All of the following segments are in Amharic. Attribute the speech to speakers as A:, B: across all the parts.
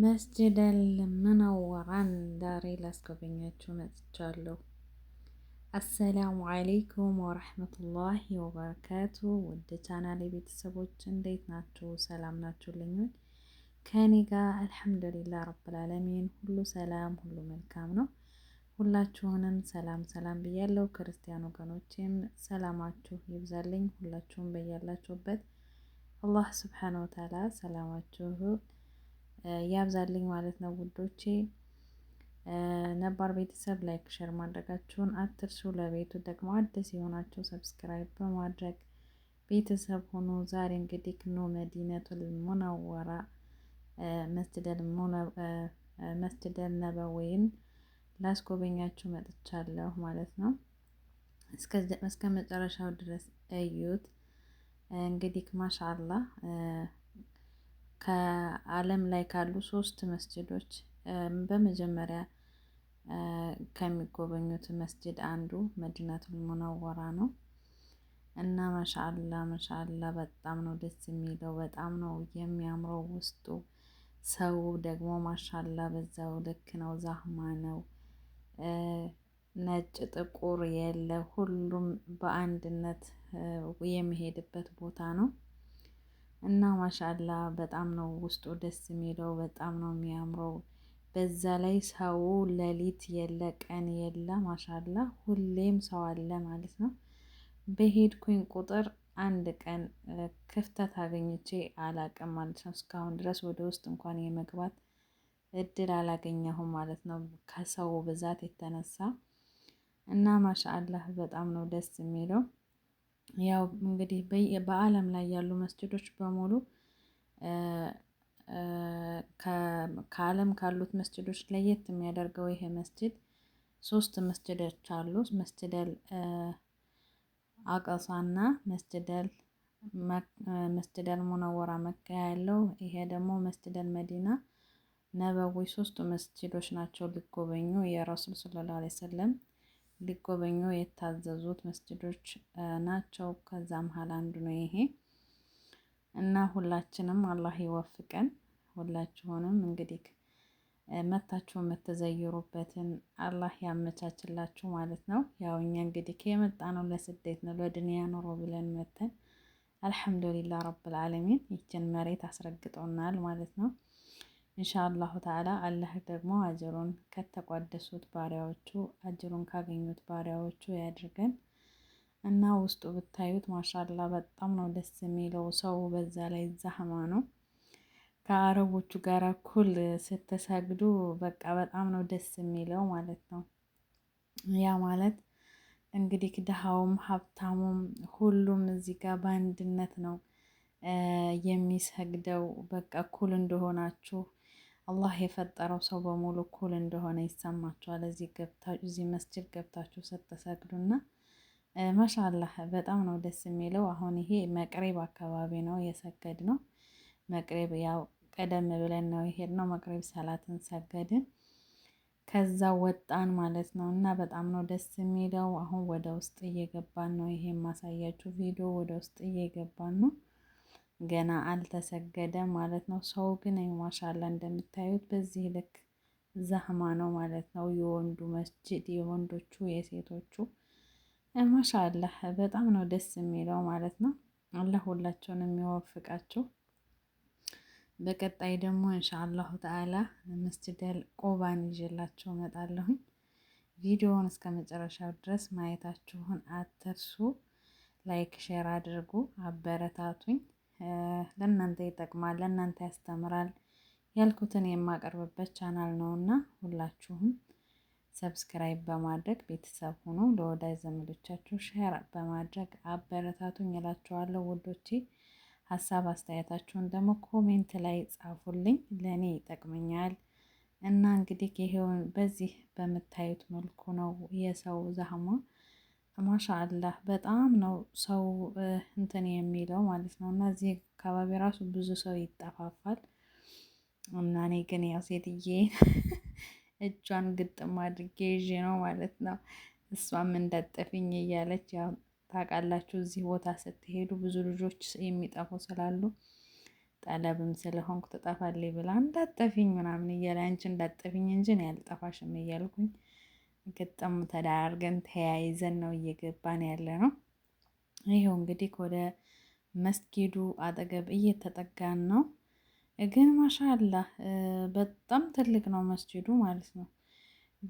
A: መስጅድ ሙነወራን ዛሬ ላስጎበኛችሁ መጥቻለሁ። አሰላሙ አለይኩም ወረህመቱላሂ ወበረካቱ። ውድ ቻናሌ ቤተሰቦች እንዴት ናችሁ? ሰላም ናችሁልኝ? ከኔ ጋር አልሐምዱሊላ ረብልዓለሚን ሁሉ ሰላም፣ ሁሉ መልካም ነው። ሁላችሁንም ሰላም ሰላም ብያለሁ። ክርስቲያን ወገኖቼም ሰላማችሁ ይብዛልኝ። ሁላችሁም በያላችሁበት አላህ ስብሓነ ወተዓላ ሰላማችሁ ያብዛልኝ ማለት ነው ውዶቼ። ነባር ቤተሰብ ላይክ ሸር ማድረጋችሁን አትርሱ። ለቤቱ ደግሞ አዲስ የሆናችሁ ሰብስክራይብ በማድረግ ቤተሰብ ሆኖ ዛሬ እንግዲህ ኑ መዲነቱል ሙነወራ መስጅደል ነበወይን ላስጎበኛችሁ መጥቻለሁ ማለት ነው። እስከ መጨረሻው ድረስ እዩት እንግዲህ ማሻአላህ ከዓለም ላይ ካሉ ሶስት መስጅዶች በመጀመሪያ ከሚጎበኙት መስጅድ አንዱ መዲናቱል ሙነወራ ነው እና ማሻአላ ማሻአላ በጣም ነው ደስ የሚለው፣ በጣም ነው የሚያምረው ውስጡ። ሰው ደግሞ ማሻላ በዛው ልክ ነው፣ ዛህማ ነው፣ ነጭ ጥቁር የለ፣ ሁሉም በአንድነት የሚሄድበት ቦታ ነው። እና ማሻላ በጣም ነው ውስጡ ደስ የሚለው፣ በጣም ነው የሚያምረው። በዛ ላይ ሰው ሌሊት የለ ቀን የለ ማሻላ ሁሌም ሰው አለ ማለት ነው። በሄድኩኝ ቁጥር አንድ ቀን ክፍተት አገኝቼ አላቅም ማለት ነው። እስካሁን ድረስ ወደ ውስጥ እንኳን የመግባት እድል አላገኘሁም ማለት ነው ከሰው ብዛት የተነሳ እና ማሻአላህ በጣም ነው ደስ የሚለው። ያው እንግዲህ በዓለም ላይ ያሉ መስጅዶች በሙሉ ከዓለም ካሉት መስጅዶች ለየት የሚያደርገው ይሄ መስጅድ ሶስት መስጅዶች አሉ። መስጅደል አቀሳና መስጅደል መስጅደል ሙነወራ መካ ያለው ይሄ ደግሞ መስጅደል መዲና ነበዊ ሶስቱ መስጅዶች ናቸው ሊጎበኙ የረሱል ሰለላሁ ዐለይሂ ወሰለም ሊጎበኙ የታዘዙት መስጅዶች ናቸው። ከዛ መሀል አንዱ ነው ይሄ እና ሁላችንም አላህ ይወፍቀን። ሁላችሁንም እንግዲህ መታችሁ የምትዘይሩበትን አላህ ያመቻችላችሁ ማለት ነው። ያው እኛ እንግዲህ የመጣ ነው ለስደት ነው ለድንያ ኑሮ ብለን መተን አልሐምዱሊላህ ረብል ዓለሚን ይችን መሬት አስረግጠውናል ማለት ነው። እንሻአላሁ ተዓላ አላህ ደግሞ አጅሩን ከተቋደሱት ባሪያዎቹ አጅሩን ካገኙት ባሪያዎቹ ያድርገን እና ውስጡ ብታዩት ማሻላ በጣም ነው ደስ የሚለው። ሰው በዛ ላይ ዛህማ ነው። ከአረቦቹ ጋር እኩል ስትሰግዱ በቃ በጣም ነው ደስ የሚለው ማለት ነው። ያ ማለት እንግዲህ ድሃውም ሀብታሙም ሁሉም እዚህ ጋር በአንድነት ነው የሚሰግደው። በቃ እኩል እንደሆናችሁ አላህ የፈጠረው ሰው በሙሉ እኩል እንደሆነ ይሰማችኋል። እዚህ ገብታችሁ እዚህ መስጅድ ገብታችሁ ስትሰግዱና ማሻአላህ በጣም ነው ደስ የሚለው። አሁን ይሄ መቅሬብ አካባቢ ነው የሰገድ ነው። መቅሬብ ያው ቀደም ብለን ነው የሄድ ነው። መቅሬብ ሰላትን ሰገድን ከዛ ወጣን ማለት ነው እና በጣም ነው ደስ የሚለው። አሁን ወደ ውስጥ እየገባን ነው። ይሄ የማሳያችሁ ቪዲዮ ወደ ውስጥ እየገባን ነው። ገና አልተሰገደም ማለት ነው። ሰው ግን ማሻላ እንደምታዩት በዚህ ልክ ዛህማ ነው ማለት ነው። የወንዱ መስጅድ የወንዶቹ የሴቶቹ ማሻላ በጣም ነው ደስ የሚለው ማለት ነው። አላህ ሁላቸውን የሚወፍቃቸው። በቀጣይ ደግሞ እንሻአላሁ ተዓላ መስጅደል ቁባን ይዤላቸው እመጣለሁኝ። ቪዲዮውን እስከ መጨረሻው ድረስ ማየታችሁን አትርሱ። ላይክ ሼር አድርጉ፣ አበረታቱኝ። ለእናንተ ይጠቅማል፣ ለእናንተ ያስተምራል ያልኩትን የማቀርብበት ቻናል ነው እና ሁላችሁም ሰብስክራይብ በማድረግ ቤተሰብ ሆኖ ለወዳጅ ዘመዶቻችሁ ሼር በማድረግ አበረታቱኝ እላችኋለሁ ውዶቼ። ሀሳብ አስተያየታችሁን ደግሞ ኮሜንት ላይ ጻፉልኝ፣ ለእኔ ይጠቅመኛል እና እንግዲህ ይሄውን በዚህ በምታዩት መልኩ ነው የሰው ዛህማ ማሻአላህ በጣም ነው ሰው እንትን የሚለው ማለት ነው። እና እዚህ አካባቢ ራሱ ብዙ ሰው ይጠፋፋል። እና እኔ ግን ያው ሴትዬ እጇን ግጥም አድርጌ ይዤ ነው ማለት ነው። እሷም እንዳጠፊኝ እያለች ያው ታውቃላችሁ፣ እዚህ ቦታ ስትሄዱ ብዙ ልጆች የሚጠፉ ስላሉ ጠለብም ስለሆንኩ ትጠፋለች ብላ እንዳጠፊኝ ምናምን እያለ አንቺ እንዳጠፊኝ እንጂ እኔ አልጠፋሽም እያልኩኝ ግጥም ተዳርገን ተያይዘን ነው እየገባን ያለ ነው። ይሄው እንግዲህ ወደ መስጊዱ አጠገብ እየተጠጋን ነው። ግን ማሻአላህ በጣም ትልቅ ነው መስጂዱ ማለት ነው።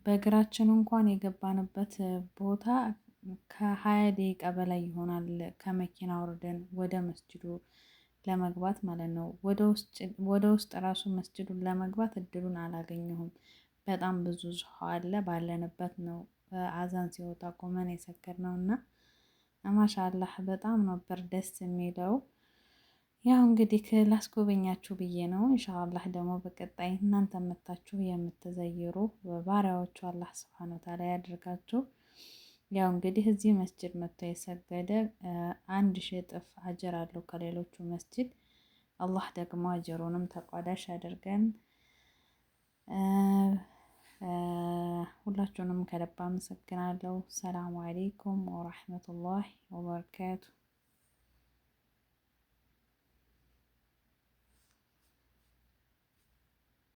A: በእግራችን እንኳን የገባንበት ቦታ ከሀያ ደቂቃ በላይ ይሆናል ከመኪና ወርደን ወደ መስጂዱ ለመግባት ማለት ነው። ወደ ውስጥ ራሱ መስጂዱን ለመግባት እድሉን አላገኘሁም። በጣም ብዙ ሰው አለ። ባለንበት ነው አዛን ሲወጣ ቆመን ነው እና ማሻላህ በጣም ነበር ደስ የሚለው። ያው እንግዲህ ላስጎበኛችሁ ብዬ ነው። ኢንሻአላህ ደግሞ በቀጣይ እናንተ መታችሁ የምትዘይሩ ባሪያዎቹ አላህ ስብሐነ ወተዓላ ያደርጋችሁ። ያው እንግዲህ እዚህ መስጅድ መጥቶ የሰገደ አንድ ሺህ እጥፍ አጀር አለው ከሌሎቹ መስጅድ። አላህ ደግሞ አጀሩንም ተቋዳሽ አድርገን። ሁላችሁንም ከልብ አመሰግናለሁ። ሰላሙ አሌይኩም ወራህመቱላህ ወበረካቱ